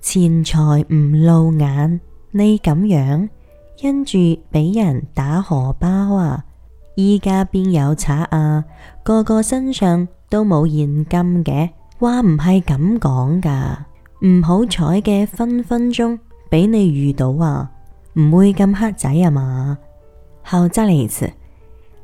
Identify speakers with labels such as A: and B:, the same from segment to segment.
A: 錢財唔露眼，你咁樣因住俾人打荷包啊！依家邊有賊啊？個個身上都冇現金嘅，話唔係咁講噶，唔好彩嘅分分鐘俾你遇到啊！唔會咁黑仔啊嘛？好，再嚟次，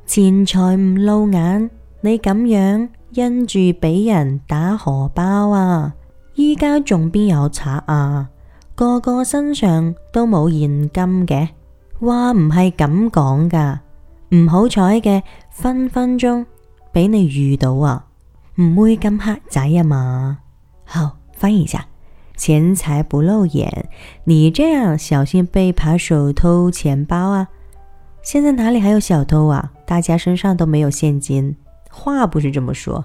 A: 錢財唔露眼，你咁樣因住俾人打荷包啊！依家仲邊有賊啊？個個身上都冇現金嘅，話唔係咁講噶，唔好彩嘅，分分鐘俾你遇到啊！唔會咁黑仔啊嘛？好，翻譯一下，錢財不露眼，你這樣小心被扒手偷錢包啊！現在哪裏還有小偷啊？大家身上都沒有現金，話不是這麼說。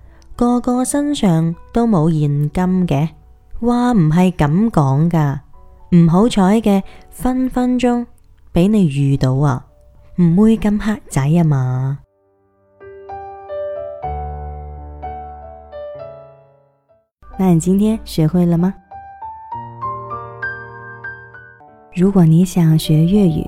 A: 個個身上都冇現金嘅，話唔係咁講噶，唔好彩嘅，分分鐘畀你遇到啊，唔會咁黑仔啊嘛。那你今天學會了嗎？如果你想學粵語。